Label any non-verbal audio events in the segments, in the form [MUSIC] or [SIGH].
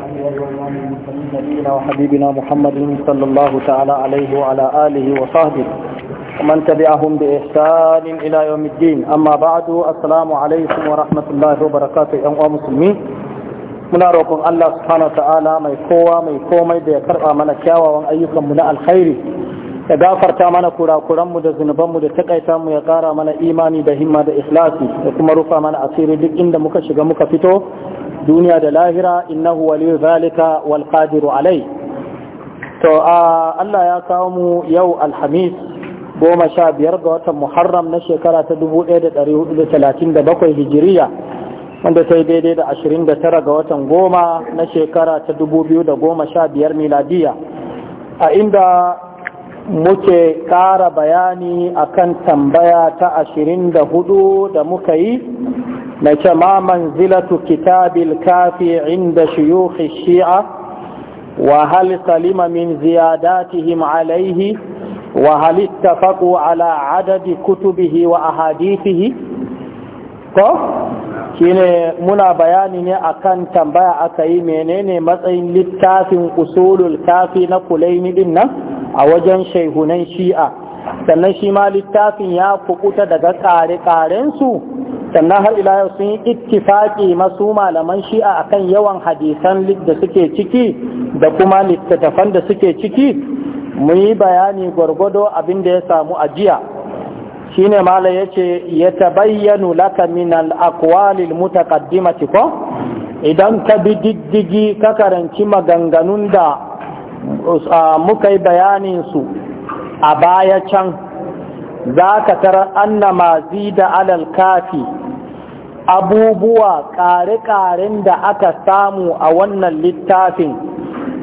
نبينا وحبيبنا محمد صلى الله تعالى عليه وعلى آله وصحبه ومن تبعهم بإحسان إلى يوم الدين أما بعد السلام عليكم ورحمة الله وبركاته يا مسلمين muna roƙon Allah subhanahu ta'ala mai kowa mai komai da ya karba mana kyawawan ayyukanmu na alkhairi ya gafarta mana kurakuranmu da zunubanmu da takaita mu ya kara mana imani da himma da ikhlasi da kuma rufa mana asiri duk inda muka shiga muka fito duniya da lahira innahu waliyu zalika wal qadiru alai to Allah ya kawo mu yau alhamis goma sha biyar ga watan muharram na shekara ta 1437 hijiriya wanda ta yi daidai da 29 ga watan goma na shekara ta 2015 miladiya a inda muke ƙara bayani akan tambaya ta 24 da muka yi mai ce ma manzilatu kitabil kafi inda shuyukhi shi'a wa hal salima min ziyadatihim alaihi wa hal ittafaqu ala adadi kutubihi wa ahadithihi ko muna bayani ne akan tambaya aka yi menene matsayin littafin usulul kafi na kulaini din nan a wajen shaihunan shi'a sannan shi ma littafin ya kukuta daga ƙare-ƙarensu sannan har ila yau sun yi ittifaki masu malaman shi'a akan yawan hadisan da suke ciki da kuma littattafan da suke ciki mu yi bayani gwargwado abin da ya samu ajiya Shi ne mala yace ya tabayyanu laka min al-aqwalil ko idan ka bi diddigi ka karanci maganganun da muka yi bayaninsu. a baya can za ka tara annama zida alal kafi abubuwa ƙare-ƙaren da aka samu a wannan littafin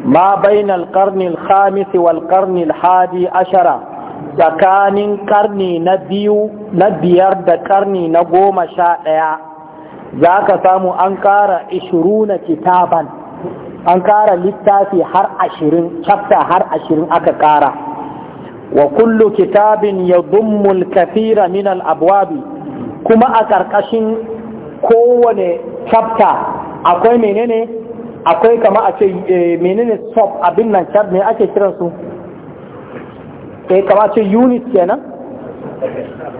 ma bainal karnil khamisi wal karnil hadi ashara tsakanin karni na biyu na biyar da karni na goma sha ɗaya za ka samu an ƙara ishiruna kitaban an ƙara littafi har ashirin chapter har ashirin aka ƙara wa kullu kitabin ya dummul kafira min al'abwabi kuma a ƙarƙashin kowane chapter akwai menene akwai kama a ce eh, menene stop abin nan chap ne ake kiransu eh kama ce unit kenan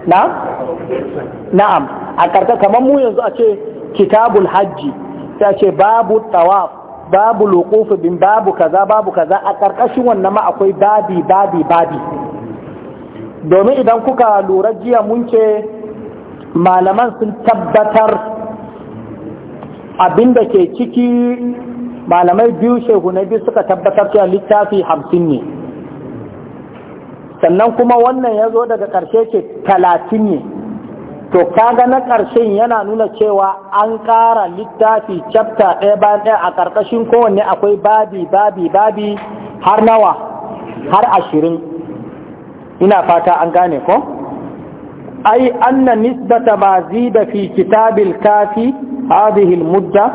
na'am na'am a ƙarƙa kamar mu yanzu a ce kitabul hajji sai a ce babu tawaf babu lokofu bin babu kaza babu kaza a ƙarƙashin wannan ma akwai babi babi babi domin idan kuka lura jiya mun ce malaman sun tabbatar abin ke ciki malamai biyu shehu na biyu suka tabbatar cewa littafi hamsin ne sannan kuma wannan ya zo daga ƙarshe ce talatin ne to kaga na ƙarshen yana nuna cewa an ƙara littafi chapter ɗaya bayan ɗaya a ƙarƙashin kowanne akwai babi babi babi har nawa har ashirin ina fata an gane ko ai anna nisbata ma zida fi kitabil kafi hadhihi mudda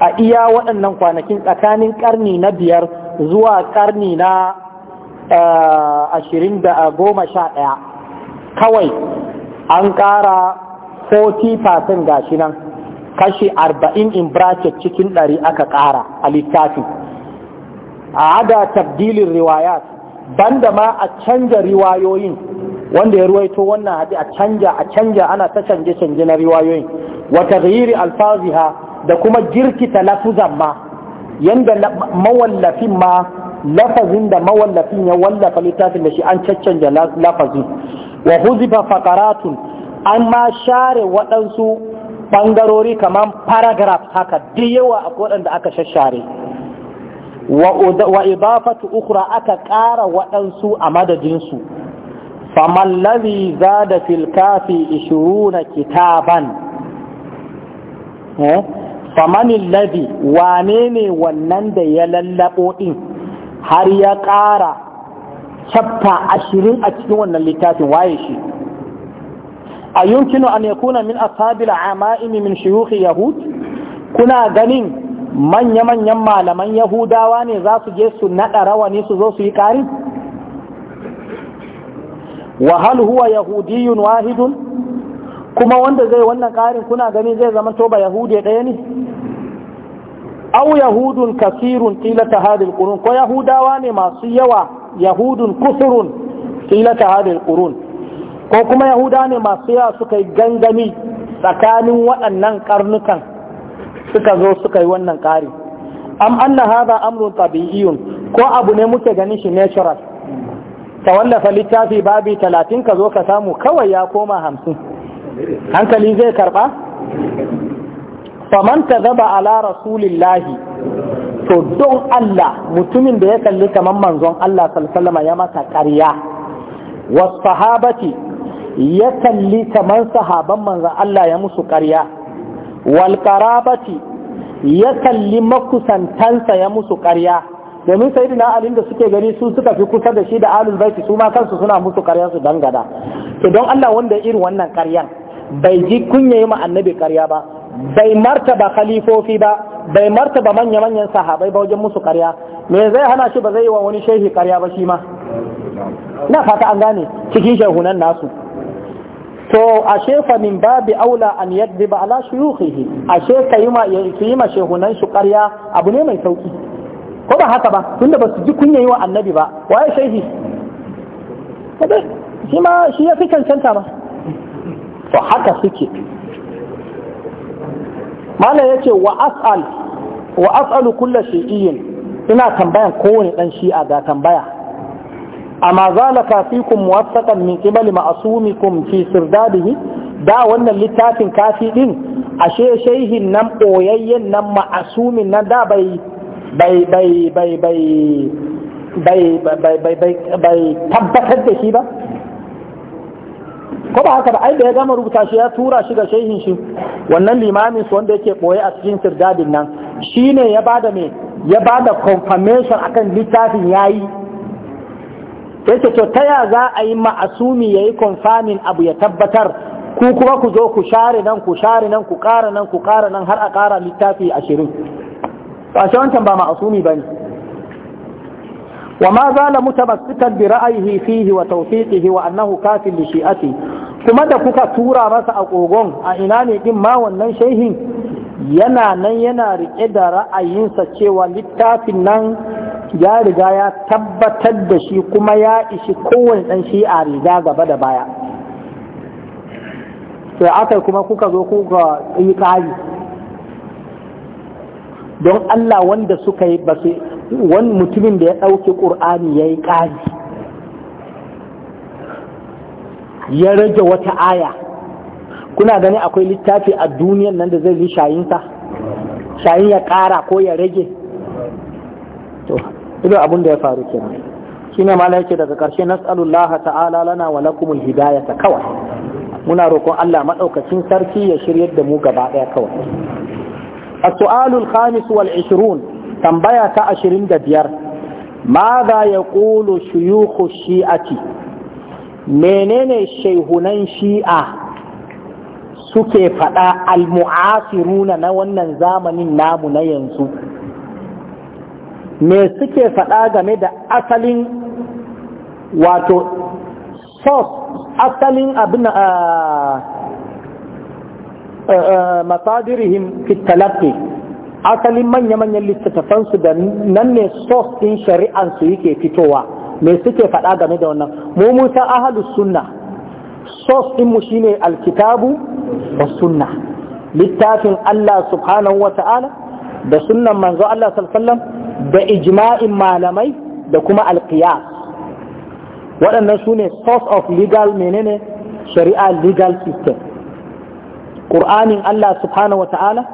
a iya waɗannan kwanakin tsakanin ƙarni na biyar zuwa ƙarni na eh, ashirin da goma sha ɗaya kawai an ƙara 40% gashi nan kashi arba'in in bracket cikin ɗari aka ƙara a littafi a hada tabdilin riwayat banda ma a canja riwayoyin wanda ya ruwaito wannan haɗi a canja a canja ana ta canje canje na riwayoyin wa alfazi alfaziha da kuma girki ta lafuzan ma yadda mawallafin ma lafazin da mawallafin ya wallafa littafin da shi an caccanja lafazi wa huzifa faqaratun an ma share waɗansu ɓangarori kamar paragraph haka duk yawa a waɗanda aka shashare wa idafatu ukhra aka ƙara waɗansu a madadinsu faman lazi zada fil kafi ishiruna kitaban eh? faman lazi wane ne wannan da ya lallaɓo din? har ya ƙara chapta ashirin a cikin wannan littafin waye shi a yunkinu an yakuna min ashabil ama'imi min shuyukhi yahud kuna ganin manya-manyan malaman yahudawa ne za su je su naɗa rawani su zo su yi ƙari wa huwa yahudiyun wahidun kuma wanda zai wannan ƙarin kuna ganin zai zama to ba yahude ɗaya ne au yahudun kasirun tilata hadil qurun ko yahudawa ne masu yawa yahudun kusurun tilata hadil qurun ko kuma yahuda ne masu yawa suka yi gangami tsakanin waɗannan ƙarnukan suka zo suka yi wannan ƙari am anna hadha amrun tabi'iyun ko abu ne muke ganin shi natural ta wallafa littafi babi talatin ka zo ka samu kawai ya koma hamsin hankali zai karɓa? faman zaba ala rasulillahi to don Allah mutumin da ya kalli kamar manzon Allah sallallahu ya masa ƙarya wa sahabati ya kalli kamar sahaban manzon Allah ya musu ƙarya wal qarabati ya kalli makusantansa ya musu ƙarya domin sayyidina Ali da suke gani su suka fi kusa da shi da alul baiti su ma kansu suna musu ƙarya su dangada to don Allah wanda irin wannan ƙaryan bai ji kunya yi ma annabi ƙarya ba bai martaba khalifofi ba bai martaba manya-manyan sahabai ba wajen musu karya me zai hana shi ba zai yi wa wani shehi karya ba shi ma na fata an gane cikin shehunan nasu to ashe fa min babi aula an yaddi ba ala shuyukhihi ashe ka yi ma shehunan shi karya abu ne mai sauki ko ba haka ba tunda ba su ji kunya yi wa annabi ba waye shehi shi ma shi ya fi cancanta ma to haka suke malam ya wa as'al wa as'alu kulla shi'iyyin ina tambayan kowane dan shi'a ga tambaya amma zalaka fikum muwaffaqan min qibali ma'sumikum fi sirdadihi da wannan littafin kafi din ashe shehin nan ɓoyayyen nan ma'asumin nan da bai bai bai bai bai bai bai bai tabbatar da shi ba ko ba haka ba ai da ya gama rubuta shi ya tura shi ga shehin shi wannan limamin su wanda yake boye a cikin sirdadin nan shine ya bada me ya bada confirmation akan littafin yayi sai ce to ta ya za a yi ma'asumi yayi confirming abu ya tabbatar ku kuma ku zo ku share nan ku share nan ku ƙara nan ku ƙara nan har a kara littafi ashirin ba shi wancan ba ma'asumi bane وما زال متمسكا برايه فيه وتوثيقه وانه كاف لشيئته kuma da kuka tura masa a kogon a ina ne wannan shehin yana nan yana rike da ra'ayinsa cewa littafin nan ya riga ya tabbatar da shi kuma ya ishi kowane dan shi a riga gaba da baya sai aka kuma kuka zo kuka yi kari don Allah wanda suka yi ba su wani mutumin da ya ɗauki ƙur'ani ya yi ƙari ya rage wata aya kuna gani akwai littafi a duniyan nan da zai yi shayinsa shayin ya ƙara ko ya rage to ido abin da ya faru kenan shine ma yake daga ƙarshe nas'alullah ta'ala lana wa lakumul hidayata kawai muna roƙon Allah maɗaukacin sarki ya shiryar da mu gaba ɗaya kawai A sualul khamis wal 20 tambaya ta ashirin da biyar ماذا يقول شيوخ الشيعة menene shehunan shi'a suke faɗa almu'asiruna na wannan zamanin namu na yanzu me suke faɗa game da asalin wato sos asalin abin a ah, ah, ah, masadirihim asalin manya-manyan su da nan ne source din su yake fitowa me suke faɗa game da wannan mu musa ahalus sunna source din mu shine alkitabu da sunna littafin Allah subhanahu wa ta'ala da sunnan manzo Allah sallallahu da ijma'in malamai da kuma alqiyas waɗannan su ne source of legal menene shari'a legal system Qur'anin Allah subhanahu wa ta'ala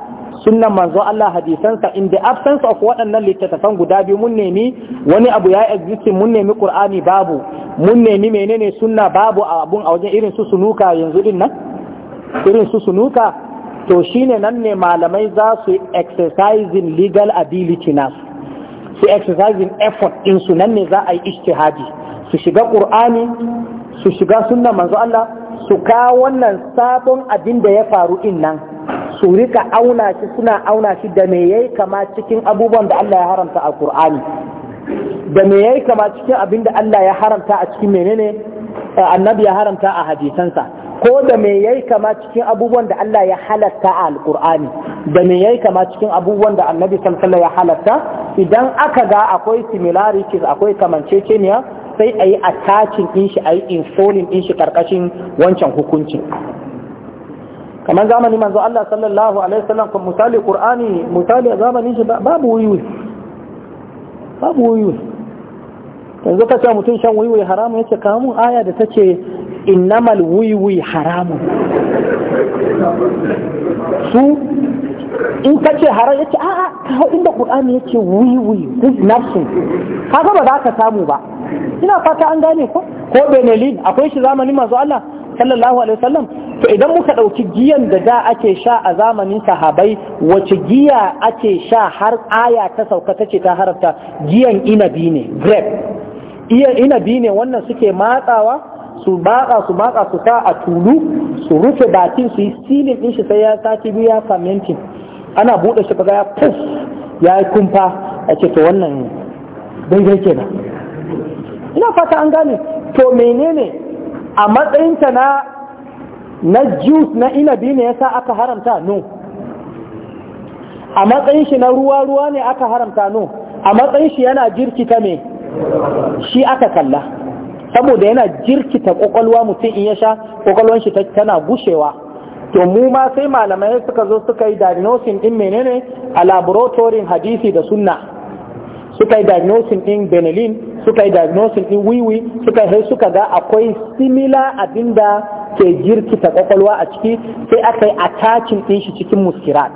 sunnan manzo Allah hadisansa in the absence of waɗannan littattafan guda biyu mun nemi wani abu ya existing mun nemi Qur'ani babu mun nemi menene sunna babu abun a wajen irin su sunuka yanzu din nan irin su sunuka to shine nan ne malamai za su exercising legal ability na su exercising effort din su nan ne za a yi ijtihadi su shiga Qur'ani su shiga sunna manzo Allah su kawo wannan sabon abin da ya faru din nan su rika auna shi suna auna shi da me yayi kama cikin abubuwan da Allah ya haramta a da me yayi kama cikin abin da Allah ya haramta a cikin menene eh, annabi ya haramta a hadisansa ko da me yayi kama cikin abubuwan da Allah ya halatta a al da me yayi kama cikin abubuwan da annabi sallallahu alaihi ya halatta idan aka ga akwai similarities akwai kamanceceniya sai ayi attaching din shi ayi installing din shi karkashin wancan hukuncin kamar zamani manzo Allah sallallahu alaihi wasallam kan misali Qur'ani misali zamanin shi babu wiwi babu wiwi yanzu ka ce mutum shan wiwi haramun yace kamu aya da tace innamal wiwi haramun su in ka ce haram yace a a ka hau inda Qur'ani yace wiwi duk nafsin ka ga ba za ka samu ba ina fata an gane ko ko benelin akwai shi zamanin manzo Allah sallallahu alaihi wasallam to idan muka ɗauki giyan da da ake sha a zamanin sahabai wace giya ake sha har aya ta sauka ta ce ta harata? giyan inabi ne grep iya inabi ne wannan suke matsawa su baka su baka su sa a tulu su rufe bakin su yi silin din shi sai ya sati biyu ya fermentin ana buɗe shi kaga ya puf ya yi kumfa a ce to wannan daidai ke ina fata an gani to menene a matsayinta na na juice na inabi ne yasa aka haramta no a matsayin shi na ruwa-ruwa ne aka haramta no a matsayin shi yana jirkita ne shi aka kalla saboda yana jirkita kwakwalwa mutum in ya sha kwakwalwan shi tana gushewa to mu ma sai malamai suka zo suka yi diagnosis din menene a laboratorin hadisi da sunna suka yi diagnosis din benelin suka yi diagnosis din wiwi suka yi suka ga akwai similar abinda ke jirkita kwakwalwa a ciki sai aka yi attachin ɗin shi cikin muskirat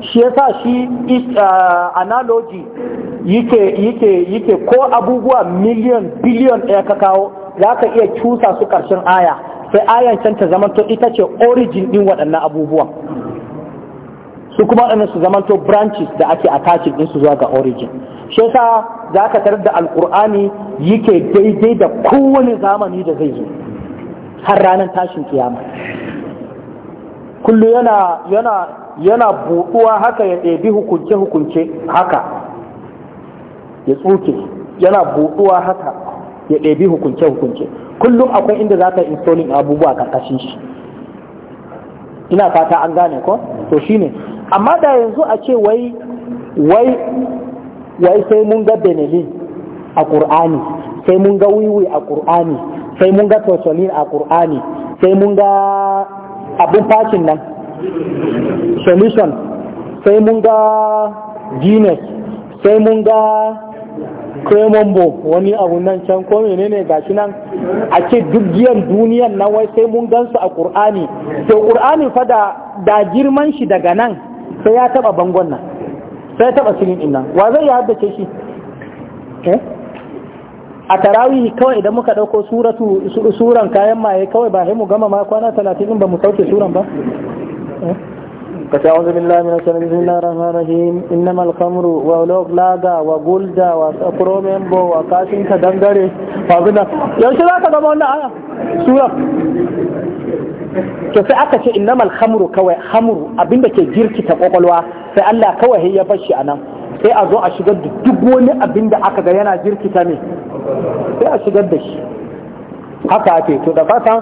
shi yasa shi uh, analogy yake ko abubuwa miliyan biliyon ɗaya ka kawo za ka iya cusa su ƙarshen aya sai ayan can ta zamanto ita ce origin ɗin waɗannan abubuwan su kuma waɗannan su zamanto branches da ake attachin ɗin su zuwa ga origin shi yasa za ka tarar da alƙur'ani yake daidai da kowane zamani da zai zo har ranar tashin kiyama kullu yana yana yana buɗuwa haka ya ɗebi hukunce-hukunce haka ya tsuke yana buɗuwa haka ya ɗebi hukunce-hukunce kullum akwai inda za ka installing abubuwa karkashin shi ina fata an gane ko to shine amma da yanzu a ce wai wai wai sai mun ga benelin a ƙur'ani sai mun ga wiwi a ƙur'ani sai mun ga tausolin a ƙur'ani sai mun ga abin fashin nan solution sai mun ga guinness sai mun ga kremombo wani abu nan can ko menene gashi nan a ce duk giyan duniyan nan wai sai mun gansu a ƙur'ani to ƙur'ani fa da girman shi daga nan sai ya taba bangon nan sai ya taba silin nan wa zai ya haddace shi eh? a tarawihi kawai idan muka ɗauko suratu suran kayan maye kawai ba mu gama ma kwana talatin ba mu sauke suran ba فتعوذ بالله من الشيطان بسم الله الرحمن الرحيم انما الخمر ولوغ لاغا وغولدا وكرومبو وكاشين كدنغري فابنا yaushe za ka gama wannan aya sura to sai aka ce innamal khamru kawai hamru abinda ke ta kwakwalwa sai Allah kawai ya bar shi anan sai a zo a shigar da duk wani abin da aka ga yana jirkita ne sai a shigar da shi haka ake to da fata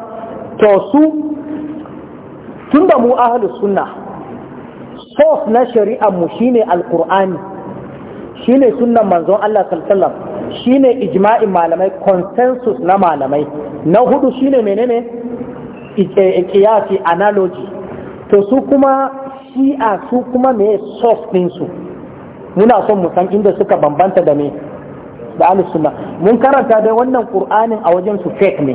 to su tun da mu ahalus sunna sof na shari'ar mu shine alqur'ani shine sunnan manzon Allah sallallahu alaihi wasallam shine ijma'in malamai consensus na malamai na hudu shine menene kiyasi eh, analogy to su kuma shi'a su kuma me soft din su muna son mu san inda suka bambanta da me da ahlus sunna mun karanta dai wannan qur'anin a wajen su fake ne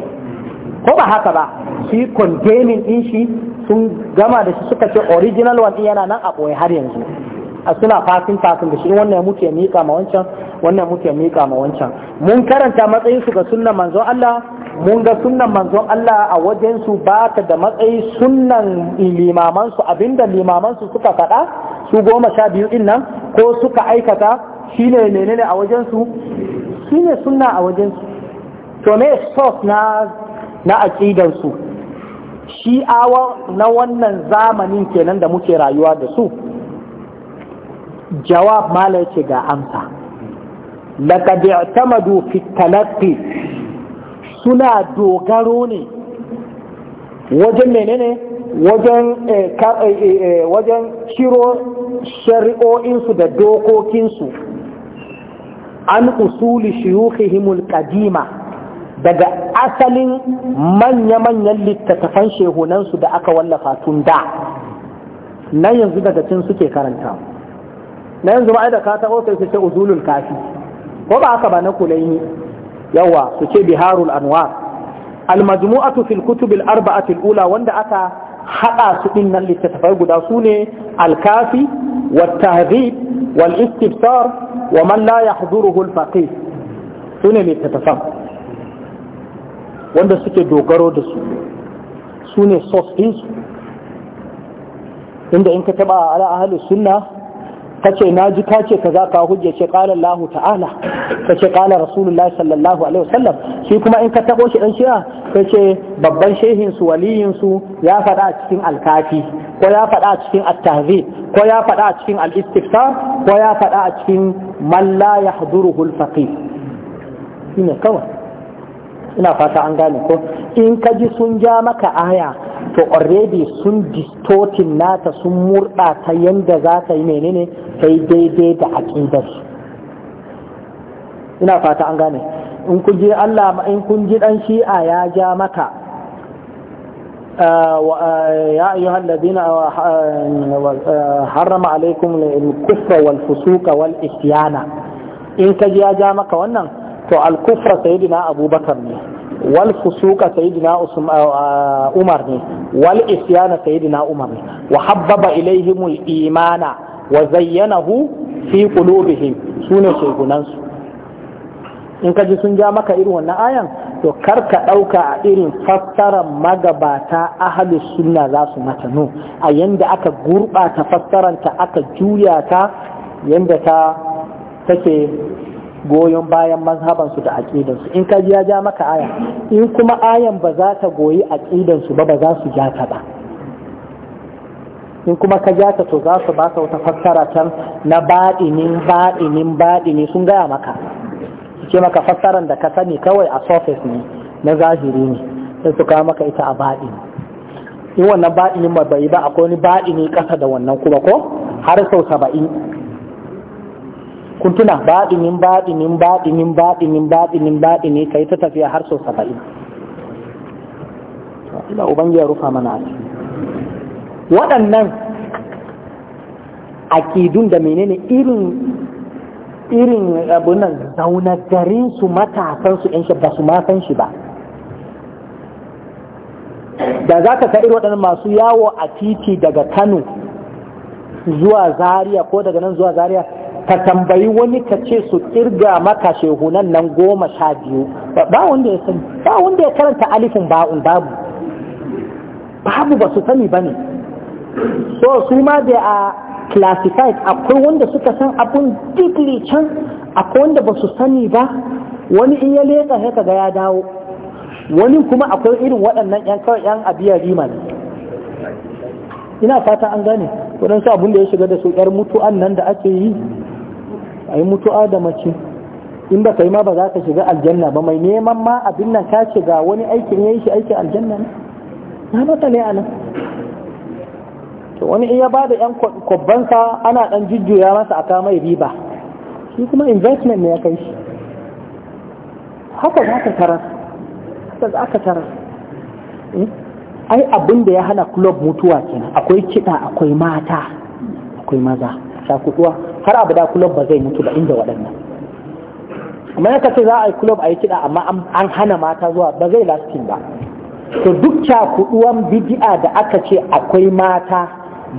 ko ba haka ba shi condemning din shi sun gama da shi suka ce original one yana nan a boye har yanzu a suna fasin fasin da shi wannan muke mika ma wancan wannan muke mika ma wancan mun karanta matsayin su ga sunnan manzo Allah mun ga sunan manzon Allah a wajen su ba ta da matsayi sunan limaman abinda limaman suka faɗa su goma sha biyu din nan ko suka aikata shine menene a wajen su shine sunna a wajen su to ne source na na aqidan su awa na wannan zamanin kenan da muke rayuwa da su jawab mala ce ga amsa laqad i'tamadu fi talaqqi suna dogaro ne wajen menene wajen eh, eh, eh, wajen ciro shari'o'insu da dokokinsu an usuli shiyukihimul kadima daga asalin manya-manyan littattafan shehunansu da aka wallafa tun da nan yanzu daga cin suke karanta na yanzu ma'ai da ka taɓo sai su ce uzulul kafi ko ba haka ba na ne yawa su ce biharul anwar almajmu'atu fil kutub al arba'ati al ula wanda aka hada su din nan littattafai guda sune al kafi wat tahdhib wal istibsar wa man la yahduruhu al faqih wanda suke dogaro da su sune ne source inda in ka taba ala ahli sunna kace na ji ka za kaza ka hujja ce qala Allah ta'ala kace qala Rasulullahi sallallahu alaihi wasallam shi kuma in ka tabo shi dan shi'a kace babban shehin su waliyin su ya faɗa a cikin alkafi ko ya faɗa a cikin at ko ya faɗa a cikin al-istifsar ko ya faɗa a cikin man la yahduruhu al-faqih shine kawai ina fata an gane ko in ka ji sun ja maka aya to already sun distortin nata sun murda ta yanda za ta yi menene ta yi daidai da aƙidar ina fata an gane in kun ji Allah in kun ji dan shi'a ya ja maka يا أيها الذين حرم عليكم الكفر والفسوق والإسيان in ka ji ya ja maka wannan to al-kufra sayyidina abubakar ne wal fusuqa sayyidina uh, uh, umar ne wal isyana sayyidina umar ne wa habbaba ilaihim imana wa zayyanahu fi qulubihim sune shegunan su in ka ji sun ja maka irin wannan ayan to kar ka ɗauka a irin fassara magabata ahli sunna za su mata no a yanda aka gurɓata fassaranta aka juya ta yanda ta take goyon bayan mazhabansu da aƙidansu in ka ji ya ja maka aya in kuma ayan ba za ta goyi aƙidansu ba ba za su ja ta ba in kuma ka ja ta to za su baka wata fassara can na baɗinin baɗinin baɗini sun gaya maka ce maka fassaran da ka sani kawai a surface ne na zahiri ne sai su kawo maka ita a baɗini in wannan baɗinin ba bai ba akwai wani baɗini ƙasa da wannan kuma ko har sau saba'in kun tuna baɗinin baɗinin baɗinin baɗinin baɗinin baɗini kai ta tafiya har sau saba'in ila ubangi ya rufa mana asiri waɗannan akidun da menene irin irin abunan zaunagarin su matasan su yan ba su ma san shi ba da za ka irin waɗannan masu yawo a titi daga kano zuwa zaria ko daga nan zuwa zaria ka tambayi wani ka ce su kirga maka shehunan nan goma sha biyu ba wanda ya sani ba wanda ya karanta alifin ba'un babu babu ba su sani ba ne so su ma da a classified akwai wanda suka san abun deeply can akwai wanda ba su sani ba wani in ya leƙa sai kaga ya dawo wani kuma akwai irin waɗannan yan kawai yan abiya rima ne ina fata an gane waɗansu abun da ya shiga da su yar mutu'an nan da ake yi ai mutu'a da mace in ba kai ma ba za ka shiga aljanna ba mai neman ma abin nan ka shiga wani aikin yayi shi aikin aljanna ne na mata ne anan to wani in ya ba da yan kwabbansa ana dan jujjuya masa a kama riba shi kuma investment ne ya kai shi haka za ka tarar haka za ka tarar hmm? ai abin da ya hana club mutuwa kenan akwai kiɗa akwai mata akwai maza kuɗuwa, har abada kulob ba zai mutu ba inda waɗannan amma ya ce za a yi kulob a yi kiɗa amma an hana mata zuwa ba zai lasting ba to duk kuɗuwan bidi'a da aka ce akwai mata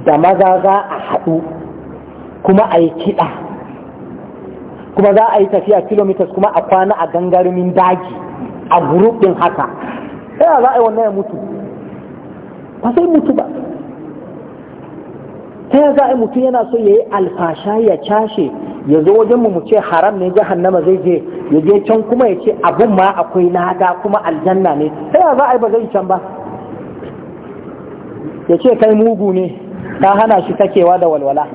da maza za a haɗu kuma a yi kiɗa kuma za a yi tafiya kilomitas kuma a kwana a gangarumin daji a gurubin haka sai za a yi wannan ya mutu ba sai mutu ba ta za a mutum yana so ya yi alfasha ya cashe ya zo wajen mu mu ce haram ne jahannama zai je ya je can kuma ya ce abun ma akwai nada kuma aljanna ne ta za a yi ba zai can ba ya ce kai mugu ne ta hana shi takewa da walwala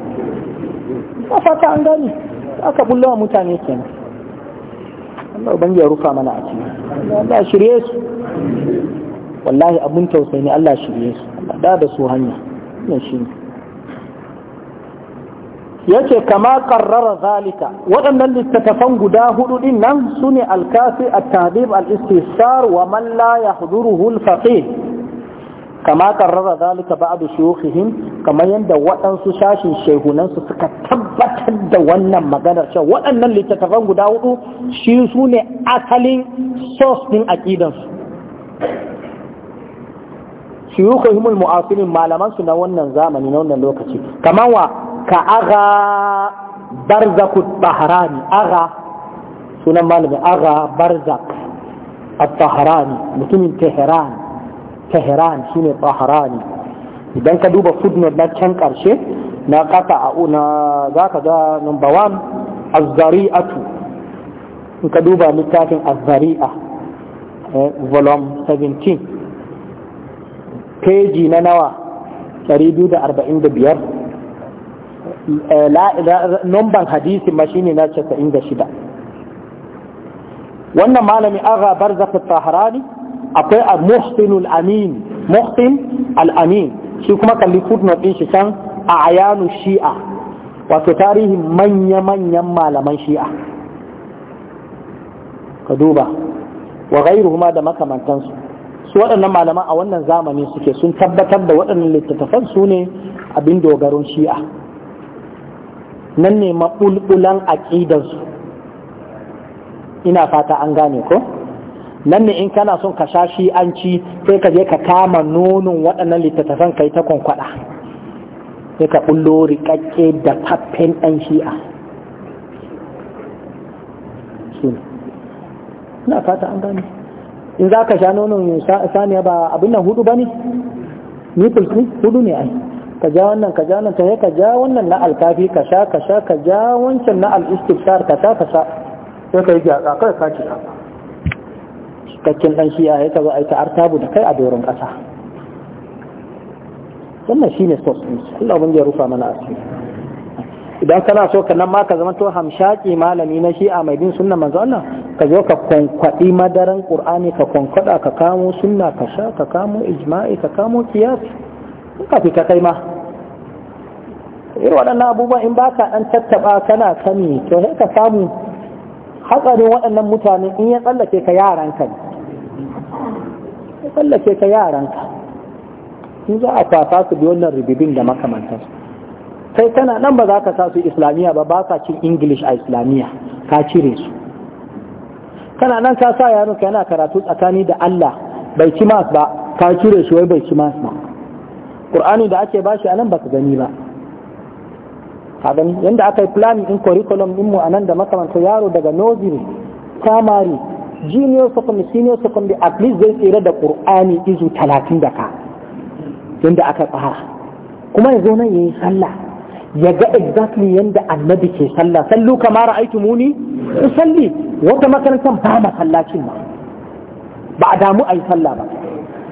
a fata an gani aka bullo wa mutane kenan Allah ubangi ya rufa mana a ciki Allah shirye su wallahi abun tausayi ne Allah shirye su Allah da da su hanya ne shi ne yace kama qarrara zalika waɗannan littattafan guda hudu din nan sune al-kafi at-tahdhib al-istisar wa man la yahduruhu al-faqih kama qarrara zalika kamar waɗansu shashin shehunan su suka tabbatar da wannan maganar cewa waɗannan littattafan guda hudu shi ne asalin sos din aqidan su shuyukhihim al-mu'asirin malaman na wannan zamani na wannan lokaci kaman wa ka aga Barzaku bahrani aga sunan malamin aga barzak al mutumin tehran tehran shine bahrani idan ka duba footnote na can karshe na kasa a una za ka ga number one azzari'atu in ka duba littafin azzari'a eh, volume 17 peji na nawa 245 Eh, numban hadisi ma shine na shida. wannan malami aga barzakh at-tahrani akwai al-muhsin al-amin muhsin al amin al amin shi kuma kalli footnote din shi can a ayanu shi'a wato tarihin manya-manyan malaman shi'a ka duba wa kuma da makamantansu su waɗannan malaman a wannan zamani suke sun tabbatar da waɗannan littattafan su ne abin dogaron shi'a nan ne maɓulɓulan aƙidansu ina fata an gane ko nan ne in kana son ka sha shi an ci sai ka je ka kama nonon waɗannan littattafan kai ta kwankwaɗa sai ka ɓullo riƙaƙƙe da faffen ɗan shi'a ina fata an gane in za ka sha nonon saniya ba abin nan hudu ba ne nipples ne hudu ne ai ka ja wannan ka ja wannan ta ka ja wannan na alkafi ka sha ka sha ka ja wancan na al-istifsar ka sha ka sha sai ka yi gyatsa kai ka ci cikakken dan shi ya ka zo a yi ta'artabu da kai a doron ƙasa wannan shi ne sos ɗin Allah ubangiji ya rufa mana asiri idan kana so ka nan ma ka zama to hamshaki malami na shi'a mai bin sunna manzo Allah ka zo ka kwankwaɗi madaran qur'ani ka kwankwaɗa ka kamo sunna ka sha ka kamo ijma'i ka kamo qiyas ka ka kai ma yi waɗannan abubuwan in ba ka ɗan tattaɓa kana sani to sai ka samu hatsarin waɗannan mutane in ya tsallake ka yaranka ne ya tsallake ka yaranka in za a kwasa su bi wannan ribibin da makamantar sai tana nan ba za ka sa su islamiyya ba ba sa cin english a islamiyya ka cire su kana nan ka sa yaron ka yana karatu tsakani da allah bai ci mas ba ka cire shi wai bai ci mas ba qur'ani da ake bashi anan baka gani ba abin yanda aka yi plan in curriculum din mu anan da makamanta yaro daga nursery primary junior secondary senior secondary at least zai tsira da qur'ani izu 30 da ka aka tsara kuma ya nan yayi sallah ya ga exactly yanda annabi ke sallah sallu kama ra'aytu muni salli wata makarantar ba ma ma ba a damu a yi sallah ba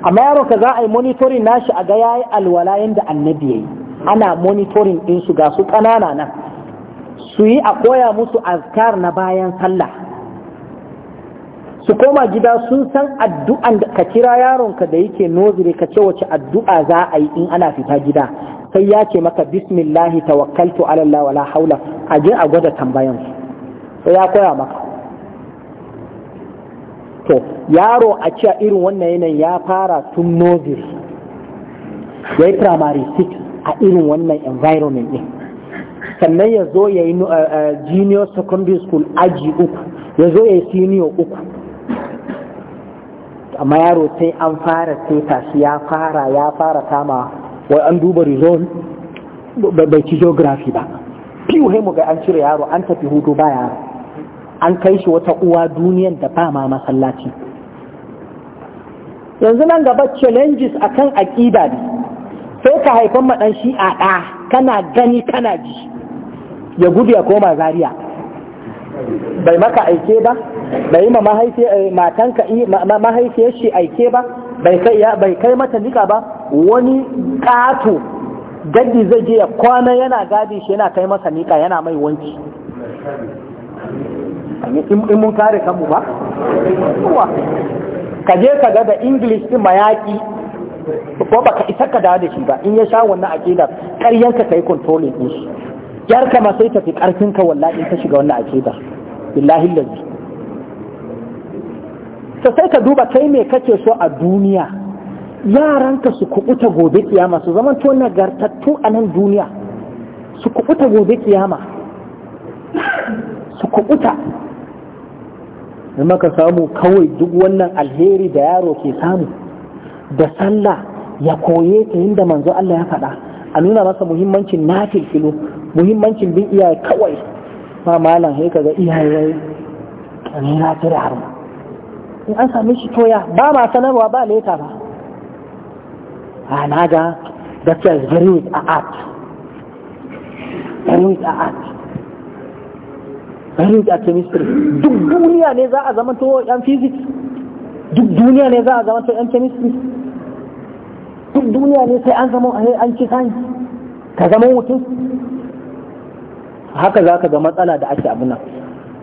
amma yaro ka za a yi monitoring nashi a ga yayi alwala yanda annabi yayi ana monitoring ɗinsu ga su ƙanana nan su yi a koya musu azkar na bayan sallah su koma gida sun san addu'an ka kira yaronka da yake nozire ka ce wace addu'a za a yi in ana fita gida sai ya ce maka bismillahi tawakkaltu ala Allah wala haula a je a gwada tambayan su sai ya koya maka to yaro a ce irin wannan yanayin ya fara tun nozire ya yi primary six a irin wannan environment ɗin sannan ya zo ya yi eh, eh, junior secondary school aji uku ya zo ya yi senior uku amma yaro sai an fara teta shi ya fara ya fara kama wai an duba result bai ci geography ba piyu mu ga an cire yaro an tafi hudu ba yaro an kai shi wata uwa duniyan da ba ma masallaci yanzu nan gaba challenges akan aƙida ne sai ka haifan maɗan shi'a ɗa kana gani kana ji ya gudu ya koma Zariya. bai maka aike ba bai ma eh, matanka mahaifiyar shi aike ba bai kai mata nika ba wani ƙato gaddi zai je ya kwana yana gadi shi yana kai masa nika yana mai wanki in mun kare kanmu ba ka je ka ga da english din mayaki ko ka isa ka dawo da shi ba in ya sha wannan aqidar ƙaryanka kai controlling din shi yar ka ma sai tafi fi ka wallahi in ta shiga wannan aqidar billahi lazi to sai ka duba kai me kake so a duniya yaranka su kubuta gobe kiyama su zama to nagartattu a nan duniya su kubuta gobe kiyama su kubuta in maka samu kawai duk wannan alheri da yaro ke samu da sallah ya koye ta yadda manzo Allah ya faɗa a nuna masa muhimmancin na filfilo muhimmancin bin iyaye kawai Ba malam sai kaga iyaye wai ne na tare har in an same shi toya ba ma sanarwa ba leta ba a na ga gaskiya is very a art very a art very a chemistry duk duniya ne za a zama to yan physics duk duniya ne za a zama to yan chemistry duk duniya ne sai an zama a eh, an ci kan ka zama mutum haka za ka ga matsala da ake abu nan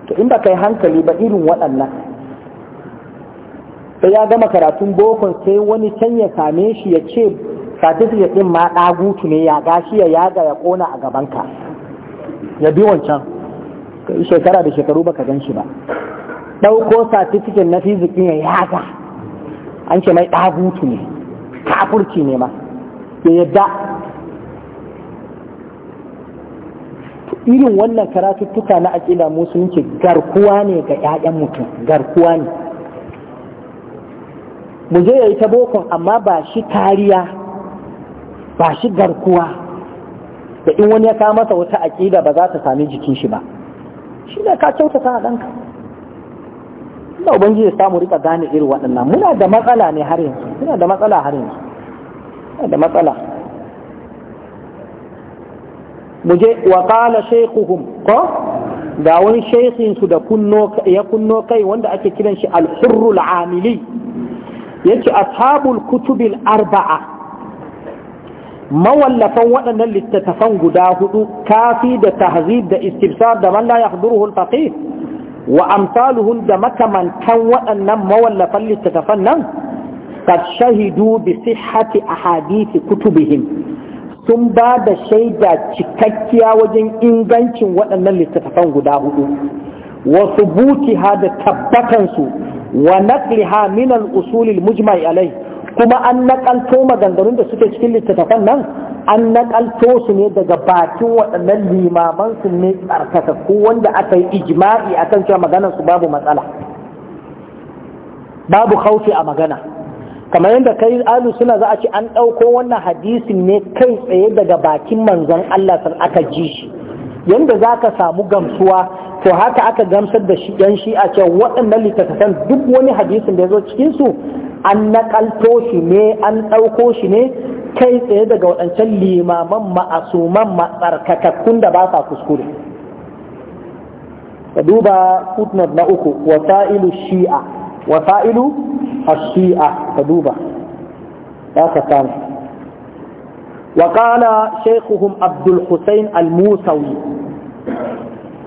to in ba ka yi hankali ba irin waɗannan sai ya gama karatun bokon sai wani can ya same shi ya ce certificate ɗin ma ɗagutu ne ya gashi ya yaga ya ƙona a gabanka ya bi wancan shekara da shekaru baka gan shi ba ɗauko certificate na fizikin ya yaga an ce mai ɗagutu ne kafurci ne ma ya yadda irin wannan karatuttuka na aƙida musulunci garkuwa ne ga 'ya'yan mutum garkuwa ne mu je ya yi ta bokon amma ba shi kariya ba shi garkuwa da in wani ya kama masa wata aƙida ba za ta sami jikin shi ba shi ne ka kyautata a ɗanka Allah ubangiji ya samu rika gane irin waɗannan muna da matsala ne har yanzu muna da matsala har yanzu muna da matsala mu je wa qala shaykhuhum ko da wani shaykhin su da kunno ya kunno kai wanda ake kiran shi al-hurrul amili yace ashabul kutubil arba'a mawallafan waɗannan littattafan guda hudu kafi da tahzib da istibsar da man la yahduruhu al-faqih wa amsaluhun da makamantan waɗannan mawallafan littattafan nan kad shahidu bi sihhati ahadithi kutubihim sun ba da shaida cikakkiya wajen ingancin waɗannan littattafan guda hudu wa subutiha da su wa naqliha min al-usul al-mujma'i alayh kuma an nakalto maganganun da suke cikin littattafan nan an naƙalto su ne daga bakin waɗannan limaman su ne tsarkaka ko wanda aka yi ijma'i akan cewa maganar su babu matsala babu haushi a magana kamar yadda kai alu suna za a ce an ɗauko wannan hadisin ne kai tsaye daga bakin manzon Allah sun aka ji shi yadda za ka samu gamsuwa to haka aka gamsar da shi yan shi'a ce waɗannan littattafan duk wani hadisin da ya zo cikin su an naƙalto shi ne an ɗauko shi ne kai tsaye daga waɗancan limaman ma'asuman matsarkakakkun da ba sa kuskure ka duba footnote na uku wasa'ilu shi'a wasa'ilu shi'a ka duba ya ka samu وقال شيخهم عبد الحسين الموسوي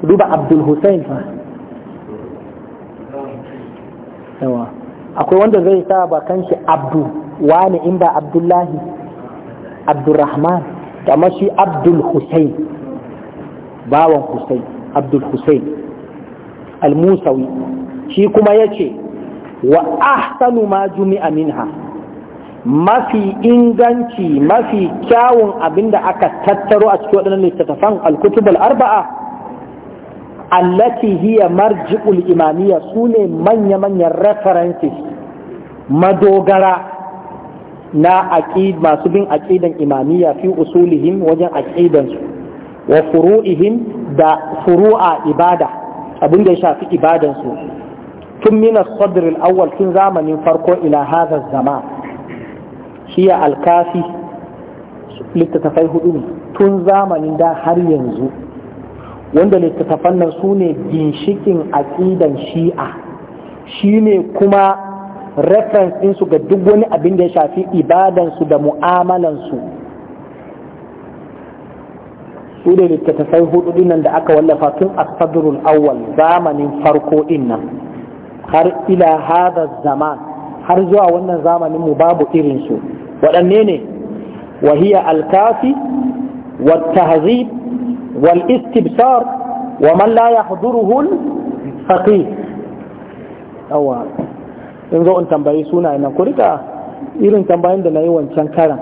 ku duba abdul hussein fa yawa akwai wanda zai sa ba kanshi abdu wani in ba abdullahi abdurrahman da mashi abdul hussein bawan hussein abdul hussein al-musawi shi kuma ya ce wa ahsanu ma jumi'a minha mafi inganci mafi kyawun abinda aka tattaro a cikin waɗannan littattafan al-kutub al-arba'a allati hiya marji'ul imamiyya sune manya-manyan references madogara na aqid masu bin aqidan imamiyya fi usulihim wajen aqidansu wa furu'ihim da furu'a ibada abin da ya shafi ibadansu tun min as-sadr al-awwal tun zamanin farko ila hadha zaman hiya al-kafi littattafai hudu tun zamanin da har yanzu wanda littattafan nan su ne ginshikin aƙidan shi'a shi ne kuma reference ɗinsu ga duk wani abin da ya shafi ibadansu da mu'amalansu su da littattafai hudu dinnan da aka wallafa tun asadurul awwal zamanin farko dinnan har ila hada zaman har zuwa wannan zamanin mu babu irinsu waɗanne ne wahiya alkafi wa tahzib wal istibsar wa man la yahduruhu al in zo in tambayi suna ina ku rika irin tambayin da na yi wancan karan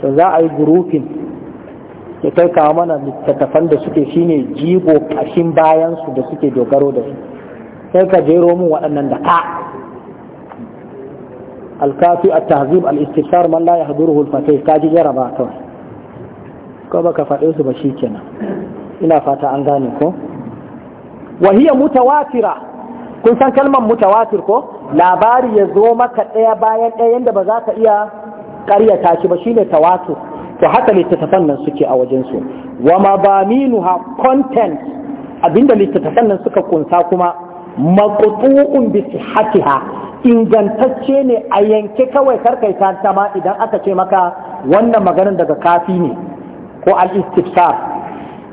to za a yi gurufin. ya kai kawo mana littattafan da suke shine jibo kashin bayan su da suke dogaro da su sai ka jero min waɗannan da ka alkafi at-tahzib al-istishar man la yahduruhu al-fatih ka ji jaraba ko baka faɗe su ba shi kenan ina fata an gane ko hiya mutawatira kun san kalmar mutawatir ko labari ya zo maka ɗaya bayan ɗaya yadda ba za ka iya ƙaryata shi ba shine tawatu, to haka littattafan nan suke a wajensu wa ha content abinda littattafan nan suka kunsa kuma maqtu'un bi sihhatiha ingantacce ne a yanke kawai karkai ta ma idan aka ce maka wannan maganar daga kafi ne ko al-istifsar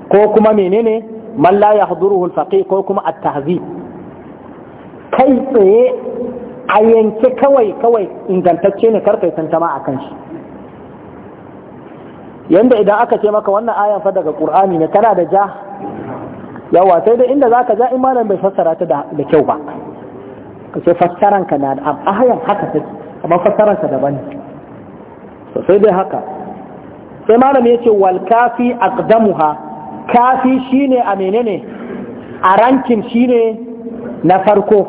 ko kuma menene man la yahduruhu al-faqih ko kuma at-tahzib kai tsaye a yanke kawai kawai ingantacce ne karka tantama a kan shi yanda idan aka ce maka wannan ayan fa daga qur'ani ne kana da ja yawa sai dai inda zaka ja imanin bai fassara ta da kyau ba kace fassaran ka na da ayan haka take amma fassaran ka daban ne sai dai haka sai malam ya ce wal kafi aqdamuha kafi shine a menene a rankin shine na farko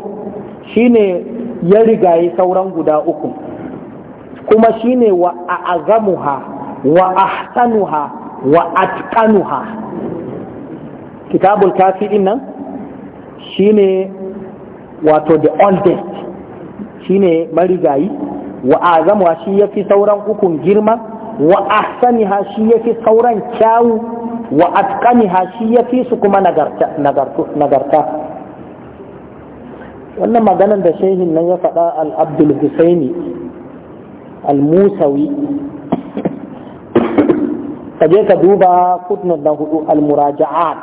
shine ya rigaye sauran guda uku kuma shine wa a'azamuha wa ahsanuha wa atqanuha kitabul kafi din nan shine wato the oldest shine marigayi wa azamuha shi yafi sauran ukun girman wa ahsaniha shi fi sauran kyawu wa atqaniha shi fi su kuma nagarta wannan maganar da shehin nan ya faɗa al-abdul husaini al-musawi kaje ka duba kudnan na hudu al-muraja'at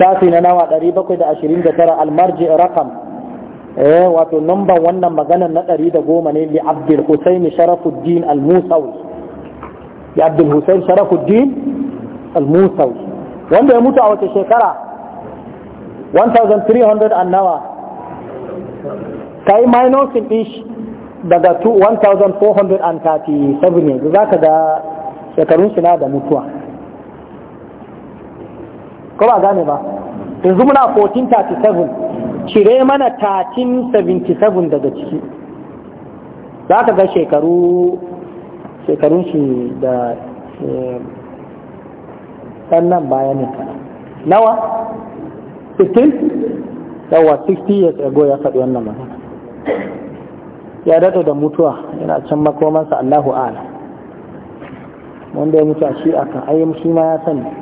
shafi na nawa 729 al-marji rakam eh wato numban wannan maganar na ɗari da goma ne li abdul husaini sharafuddin al-musawi li abdul husain sharafuddin al-musawi wanda ya mutu a wace shekara 1300 an nawa kai minusin in shi daga 1437 yanzu za ka ga shekarun shi na da mutuwa ko ba gane ba yanzu muna 1437 cire mana 1377 daga ciki za ka ga shekaru shekarun shi da sannan eh, baya ne nawa 15 yawa 60 years ago ya faɗi wannan mana ya daɗo da mutuwa yana can makomansa Allahu ala wanda ya mutu a shi kan ayyam shi ma ya sani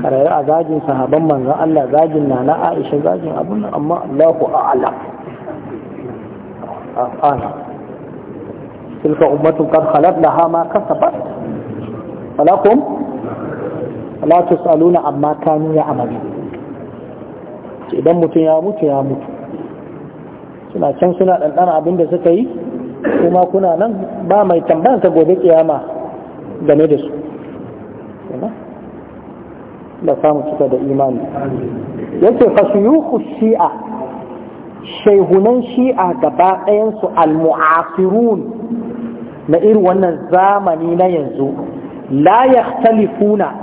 karayar a zagin sahaban manzan Allah zagin na na Aisha zagin abin amma Allahu a'ala a'ala tilka ummatun qad khalat laha ma kasabat walakum la tusaluna amma kanu ya amalu idan mutum ya mutu ya mutu suna can suna ɗanɗana abinda suka yi kuma kuna nan ba mai tambayansa gobe kiyama game da su da samu cika da imani yace fasuyuhu shi'a shaihunan shi'a gaba ɗayansu al-mu'asirun na irin wannan zamani na yanzu la yakhtalifuna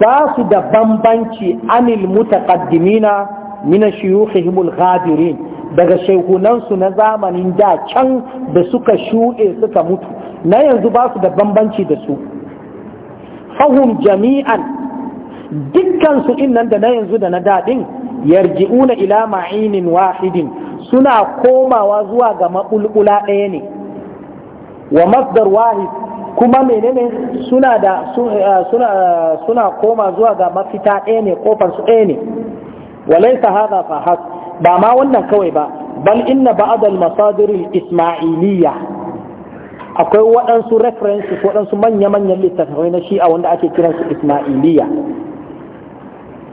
ba su da bambanci anil mutaqaddimina min shuyukhihim al daga shaihunansu na zamanin da can da suka shuɗe suka mutu na yanzu ba su da bambanci da su fahum jami'an dukkan su da na yanzu da na daɗin yarji'una ila ma'inin wahidin suna komawa zuwa ga maɓulɓula ɗaya ne wa masdar wahid kuma menene suna da eh, suna suna koma zuwa ga mafita ɗaya ne kofar su ɗaya ne walaysa hadha fahas ba ma wannan kawai ba bal inna ba'd al masadir al Isma'iliya. akwai waɗansu references waɗansu manya-manyan littattafai na shi'a wanda ake kiransu Isma'iliya.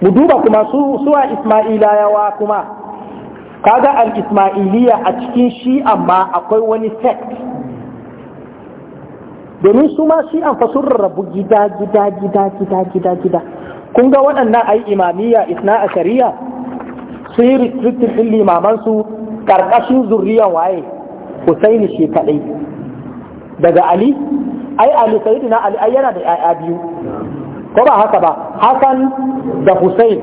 mu duba kuma su suwa ismailayawa kuma kaga al ismailiya a cikin shi amma akwai wani sect domin su ma shi an fasun gida gida gida gida gida gida kun ga waɗannan ai imamiyya isna a shari'a su yi restricted ɗin limamansu ƙarƙashin zurriyan waye Husaini shi kaɗai daga Ali ai Ali Sayyidina Ali ai yana da ƴaƴa biyu ko ba haka ba Hassan da Hussein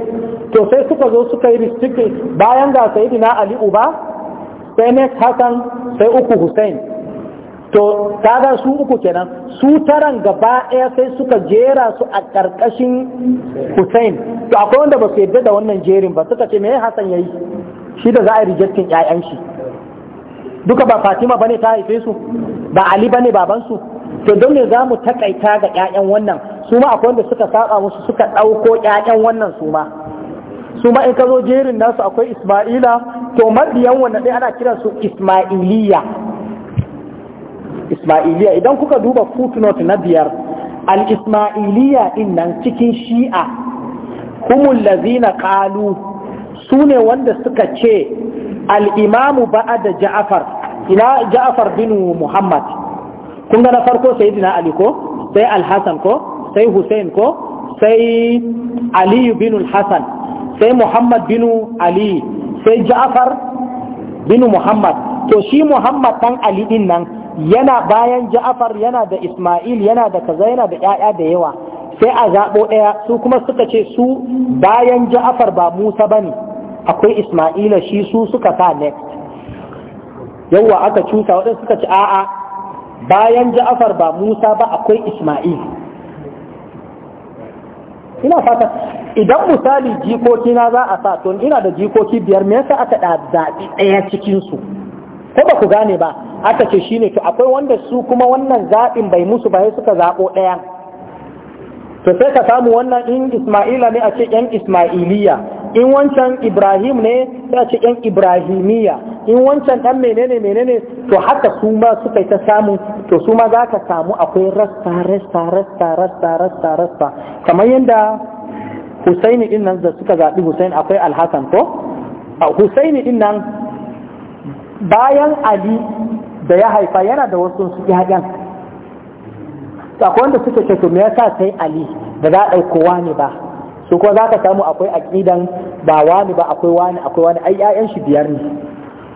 to sai suka zo suka yi ristiki bayan ga sayidina Ali uba sai next Hassan sai uku Hussein to kaga su uku kenan su taran gaba ɗaya sai suka jera su a ƙarƙashin Hussein to akwai wanda ba su yarda da wannan jerin ba suka ce me Hassan yayi shi da za a yi rejectin ƴaƴan shi duka ba Fatima bane ta haife su ba Ali bane baban su to don me za mu takaita ga ƴaƴan wannan su ma akwai wanda suka saba musu suka ɗauko ƴaƴan wannan su ma su ma in ka zo jerin nasu akwai isma'ila to mabiyan wannan ɗaya ana kiran su isma'iliya isma'iliya idan kuka duba footnote na biyar al isma'iliya din nan cikin shi'a humul lazina qalu sune wanda suka ce al imamu ba'da ja'far ina ja'far bin muhammad kun ga na farko sayyidina ali ko sai al hasan ko sai Hussein ko sai Ali bin Hassan sai Muhammad bin Ali sai Ja'far bin Muhammad to shi Muhammad dan Ali din nan yana bayan Ja'far yana da Ismail yana da kaza yana da ƴaƴa da yawa sai a zabo ɗaya su kuma suka ce su bayan Ja'far ba Musa bane akwai Ismaila shi su suka sa next yawa aka cuta waɗanda suka ce a'a bayan Ja'far ba Musa ba akwai Ismail ina fata idan misali jikoki na za a sa to ina da jikoki biyar me yasa aka da zaɓi ɗaya cikin su ko ba ku gane ba aka ce shine to akwai wanda su kuma wannan zaɓin bai musu ba sai suka zaɓo ɗaya to sai ka samu wannan in Isma'ila ne a ce yan Isma'iliya in wancan Ibrahim ne sai a ce yan Ibrahimiya in wancan dan menene menene to haka su ma suka ta samu to su ma za ka samu akwai rasta rasta rasta rasta rasta rasta kamar yadda husaini din nan da suka zaɓi husaini akwai alhassan ko husaini din nan bayan ali da ya haifa yana da wasu ƴaƴan akwai wanda suka ce to me yasa sai ali da za a ɗauko wani ba su kuma za ka samu akwai aƙidan ba wani ba akwai wani akwai wani ai ƴaƴan shi biyar ne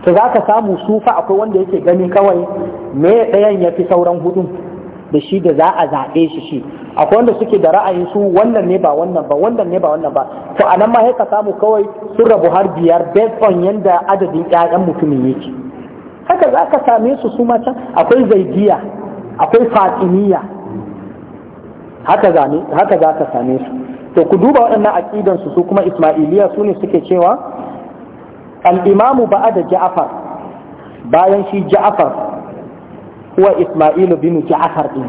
to za ka samu sufa akwai wanda yake gani kawai me ɗayan ya fi sauran hudun da shi da za a zaɓe shi shi akwai wanda suke da ra'ayin su wannan ne ba wannan ba wannan ne ba wannan ba to anan ma ka samu kawai sun rabu har biyar based on yanda adadin ƴaƴan mutumin yake haka za ka same su su mata akwai zaidiya akwai fatimiya haka haka za ka same su to ku duba waɗannan aqidan su su kuma ismailiya su ne suke cewa al'imamu ba da ja'afar bayan shi ja'afar kuwa ismailu binu ja'afar ɗin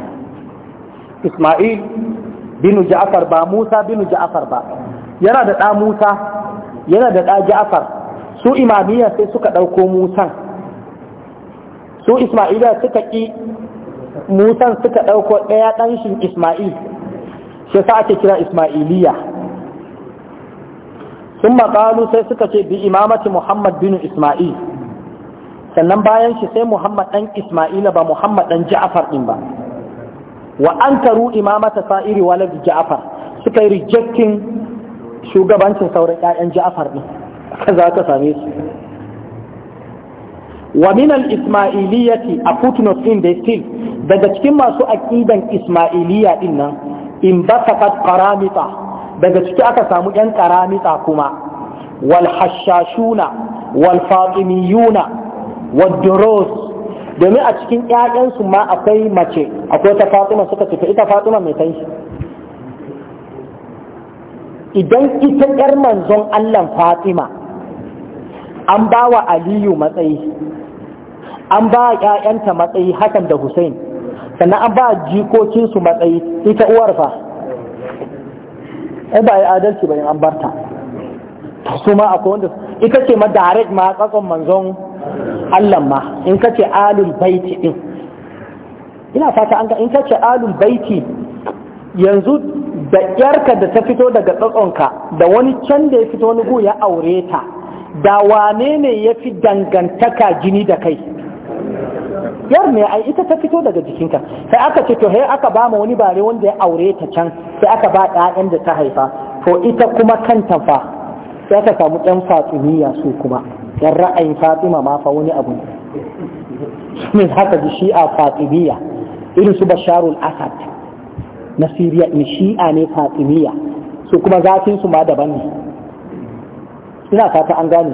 ismail binu ja'afar ba musa binu ja'afar ba yana da ɗa musa yana da ɗa ja'afar su imamiyya sai suka ɗauko musan su ismaila suka ƙi musan suka ɗauko ɗaya ɗanshin ismail shi sa ake kira ismailiya sun maƙalu sai suka ce bi imamati muhammad bin isma'il sannan bayan shi sai muhammad ɗan isma'ila ba muhammad ɗan ja'afar ɗin ba wa an karu imamata sa'iri walad ja'afar suka yi rejectin shugabancin sauran 'ya'yan ja'afar ɗin za ka same su wa min al-ismailiyyati a footnote in they still daga cikin masu aqidan ismailiyya din nan in basaqat qaramita daga ciki aka samu ‘yan karamita kuma wal hashashuna wal fatimiyuna wal duros domin a cikin ‘ya'yansu ma akwai mace akwai ta fatima suka ce ita fatima mai ta idan ita ‘yar manzon Allahn fatima an ba wa aliyu matsayi an ba ‘ya'yanta matsayi hakan da hussein sannan an ba jikokinsu matsayi ita uwar fa ai ba yi adalci ba in an barta su ma akwai wanda ita ce ma direct ma tsakon manzon Allah ma in ka ce alul baiti din ina fata an ga in ka ce alul baiti yanzu da yarka da ta fito daga tsatsonka da wani can da ya fito wani gu ya aure ta da wane ne ya fi dangantaka jini da kai yar ne ai ita ta fito daga jikinka sai aka ce to he aka ba wani bare wanda ya aure ta can sai aka ba ɗayan da ta haifa to ita kuma kanta fa sai aka samu ɗan fatimiyya su kuma yan ra'ayin fatima ma fa wani abu ne haka ji shi'a fatimiyya irin su basharul asad na siriya ne shi'a ne fatimiyya su kuma zafin su ma daban ne ina fata an gane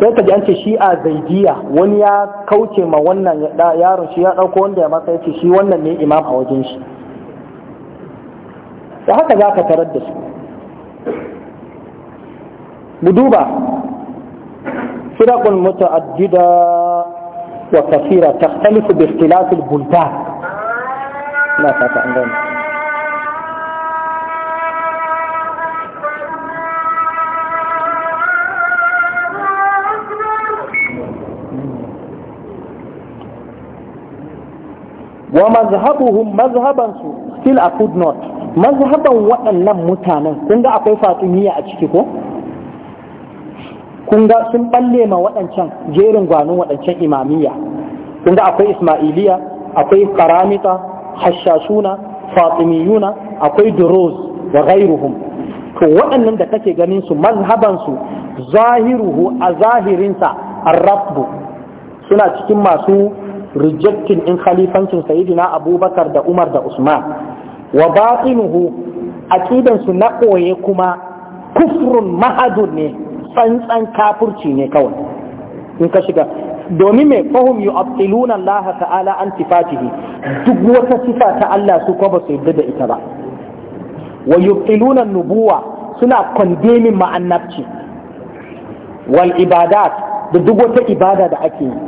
sai ka ji an ce shi a zaidiya wani ya kauce ma wannan yaron shi ya dauko wanda ya masa yace shi wannan ne imam a wajen shi da haka za ka tarar da su mu duba firaqul muta'addida wa kafira takhtalifu bi ikhtilafil al-buldan ina fata an gane wa mazhabuhum mazhaban su still a footnote mazhaban waɗannan mutanen kun ga akwai fatimiyya a ciki ko kun ga sun balle ma waɗancan jerin gwanon waɗancan imamiyya kun ga akwai ismailiya akwai karamita hashashuna fatimiyuna akwai duroz da ghairuhum to waɗannan da kake ganin su mazhaban su zahiruhu a zahirinsa arrabu suna cikin masu rejecting in khalifancin sayyidina abubakar da umar da usman wa batinuhu aqidansu na koye kuma kufrun mahadun ne tsantsan kafurci ne kawai in ka shiga domin mai fahim yu abtiluna Allah ta'ala an sifatihi duk wata sifa ta Allah su kuma ba su yadda da ita ba wa yubtiluna nubuwa suna kwandemin ma'annabci wal ibadat da duk wata ibada da ake yi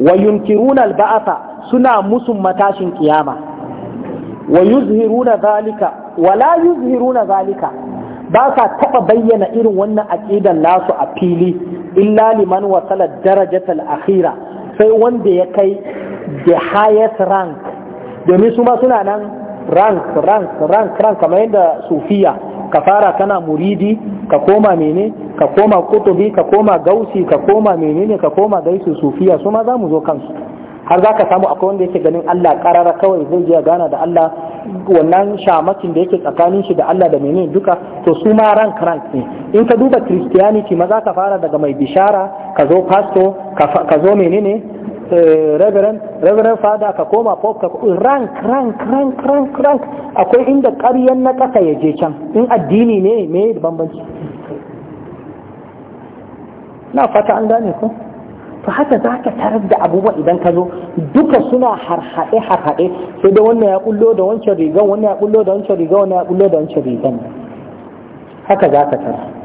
wa yunkiruna al suna musun matashin kiyama wa yuzhiruna zalika wa la bayyana irin wannan aƙidan nasu a fili illa liman wasala darajatal akhira sai wanda ya kai the highest rank domin su suna nan rank rank rank rank kamar yadda sufiya ka fara kana muridi ka koma mene ka koma kutubi ka koma gausi ka koma menene ka koma gaisu sufiya su ma za mu zo kansu har za ka samu akwai wanda yake ganin Allah karara kawai zai je gana da Allah wannan shamakin da yake tsakanin shi da Allah da menene duka to su ma rank rank ne in ka duba christianity ma za ka fara daga mai bishara ka zo pastor ka zo menene Eh, reverend reverend fada ka koma pop ka rank rank rank rank rank akwai inda ƙaryan na ƙasa ya je can in addini ne me bambanci na fata an gane ko to haka za ka tarar da abubuwa idan ka zo duka suna harhaɗe harhaɗe sai da wannan ya kullo da wancan rigan wannan ya kullo da wancan rigan wannan ya kullo da wancan rigan haka za ka tarar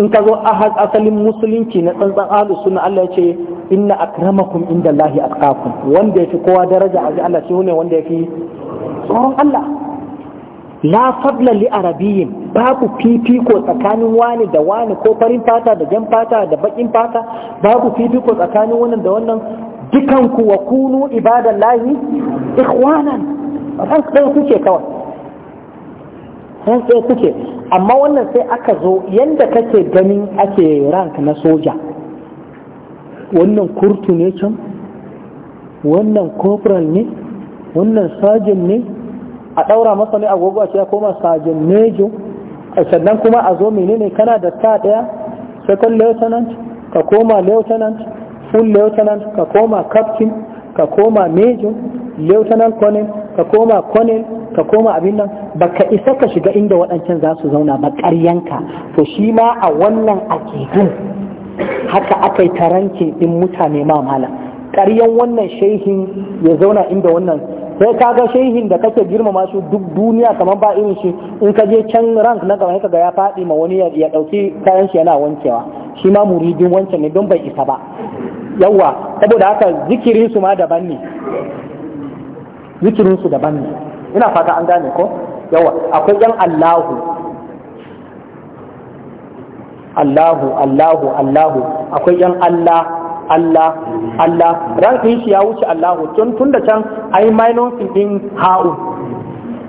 in ka zo asalin musulunci na tsantsan ahlus suna Allah ya ce inna akramakum inda Allahi atqakum wanda ya fi kowa daraja a Allah shi ne wanda ya fi. Tsohon Allah la fadla li arabiyyin babu fifiko tsakanin wani da wani ko farin fata da jan fata da bakin fata babu fifiko tsakanin wannan da wannan dukan ku wa kunu ibadallahi ikhwanan ba ɗaya kuke kawai sun sai kuke amma wannan sai aka zo yadda kake ganin ake rank na soja wannan kurtu ne can wannan corporal ne wannan sajin ne a ɗaura masa ne agogo a ya koma sajin mejo sannan kuma a zo menene kana da ta ɗaya second lieutenant ka koma lieutenant full lieutenant ka koma captain ka koma mijin, lieutenant colonel ka koma colonel ka koma abin nan baka isa ka shiga inda waɗancan za su zauna ba ƙaryanka to shi ma a wannan akidun haka aka yi tarancin ɗin mutane ma mala ƙaryan wannan shehin ya zauna inda wannan sai ka ga shehin da kake girmama shi duk duniya kamar ba irin shi in ka je can rank na gaba ga ya faɗi ma wani ya ɗauki kayan shi yana wankewa shi ma muridin wancan ne don bai isa ba yawa saboda haka zikirin su ma daban ne zikirin su daban ne ina fata an gane ko yawa akwai yan Allahu Allahu Allahu Allahu akwai yan Allah Allah Allah ran shi ya wuce Allahu tun tun da can ai minor din ha'u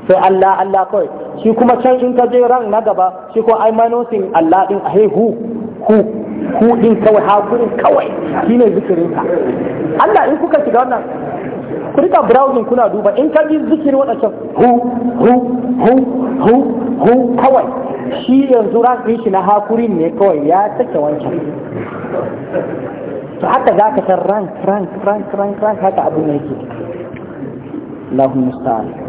sai Allah Allah kawai shi kuma can in ka je ran na gaba shi ko ai minus Allah din ahe hu hu kudin kawai hakurin kawai shine zikirin ka Allah in kuka shiga wannan ku rika browsing kuna duba in ka ji zikirin wadancan hu hu hu hu hu kawai shi yanzu ran shi na hakurin ne kawai ya take wancan to haka za ka san rank rank rank rank haka abu ne yake Allahumma musta'an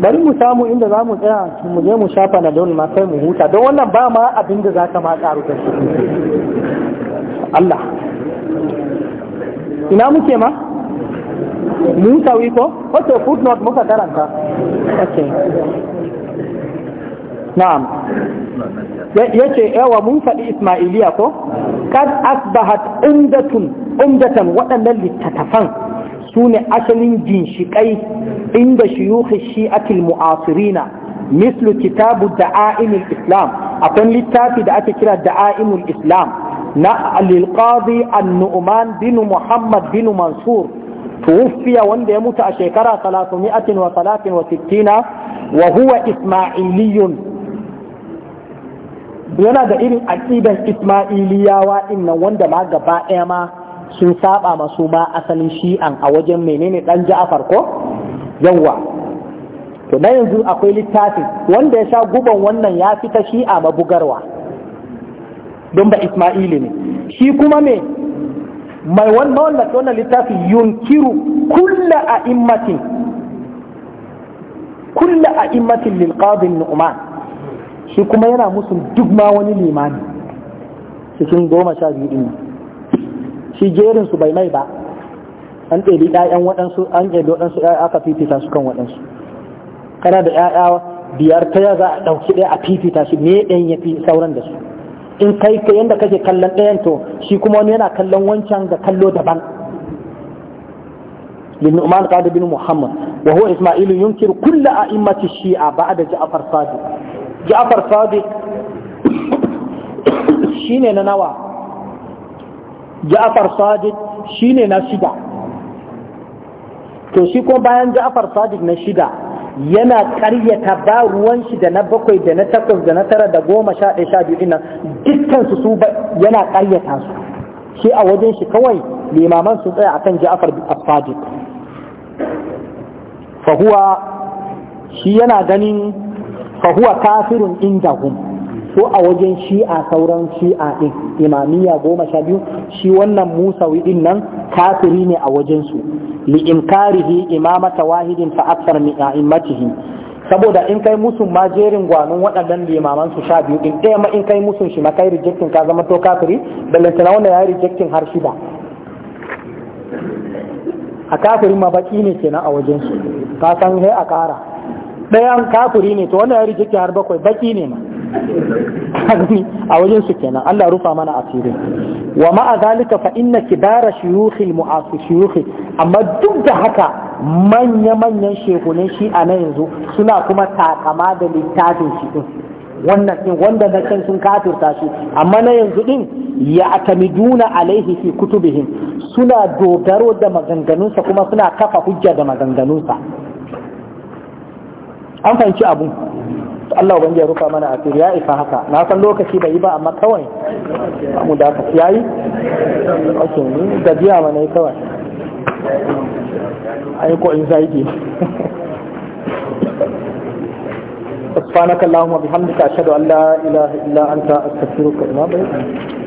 bari mu samu inda za mu tsaya mu je mu shafa na don ma sai mu huta don wannan ba ma abin da za ka ma karu da shi Allah ina muke ma mu tawi ko wato footnote muka karanta okay na'am yace yawa mun faɗi Ismailiya ko kad asbahat umdatun umdatan waɗannan littattafan su ne asalin ginshiƙai inda shiyuhi shi'atil mu'asirina mislu kitabu da'a'imul islam akwai littafi da ake kira da'a'imul islam na alilqadi an-nu'man bin muhammad bin mansur tuwfiya wanda ya mutu a shekara 363 wa huwa isma'iliyun yana da irin aqidan isma'iliyawa innan wanda ma gaba ɗaya ma sun saba masu ma asalin shi'an a wajen menene dan ja'afar ko yawa to na yanzu akwai littafi wanda ya sha guban wannan ya fita ta shi'a mabugarwa don ba isma'ili ne shi kuma me mai wannan wannan littafi yunkiru kulla a'immatin kulla a'immatin lil qadi nu'man shi kuma yana musu duk ma wani limani cikin goma sha biyu din shi jerin su bai mai ba an ɗebi ɗayan waɗansu an ɗebi waɗansu ɗaya aka fifita su kan waɗansu kana da ƴaƴa biyar ta za a ɗauki ɗaya a fifita shi me ɗayan ya fi sauran da su in kai ka yanda kake kallon ɗayan to shi kuma wani yana kallon wancan da kallo daban ibn umar Qadi bin Muhammad wa huwa Isma'il yunkiru a a'immati Shi'a ba'da Ja'far Sadiq Ja'far Sadiq [COUGHS] shine na nawa Ja'afar sadiq shine na shida to shi ko bayan ja'far sadiq na shida yana karyata ba ruwan shi da na bakwai da na takwas da na tara da goma sha ɗaya sha biyu dinnan dukkan su su yana karyata su shi a wajen shi kawai limaman su tsaya akan ja'far sadiq Fahuwa shi yana ganin fahuwa huwa kafirun indahum ko a wajen shi'a sauran shi'a din imamiyya goma sha biyu shi wannan musawi din nan kafiri ne a wajen su li inkarihi imamata wahidin fa aksar min a'immatihi saboda in kai musun ma jerin gwanon waɗannan limaman su sha biyu din ɗaya ma in kai musun shi ma kai rejectin ka zama to kafiri ballantana wanda ya yi rejectin har shida a kafirin ma baki ne kenan a wajen su ka san sai a ƙara ɗayan kafiri ne to wanda ya yi rejectin har bakwai baki ne ma a wajen su kenan Allah rufa mana asiri wa ma'a zalika fa inna kibara shuyukhi mu'asisi amma duk da haka manya-manyan shekunan shi a nan yanzu suna kuma takama da littafin shi din wannan din wanda na can sun kafirta shi amma na yanzu din ya atamiduna alaihi fi kutubihim suna dogaro da maganganunsa kuma suna kafa hujja da maganganunsa an fahimci abu To Allah ban ya rufa mana asiri ya isa haka na san lokaci bai yi ba amma kawai mu da ka yayi ake ni da biya mana ne kawai ai ko in sai ki [LAUGHS] subhanakallahumma bihamdika ashhadu an la ilaha illa anta astaghfiruka wa atubu ilaik